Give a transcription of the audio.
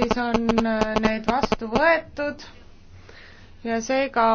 augustis on äh, need vastu võetud ja seega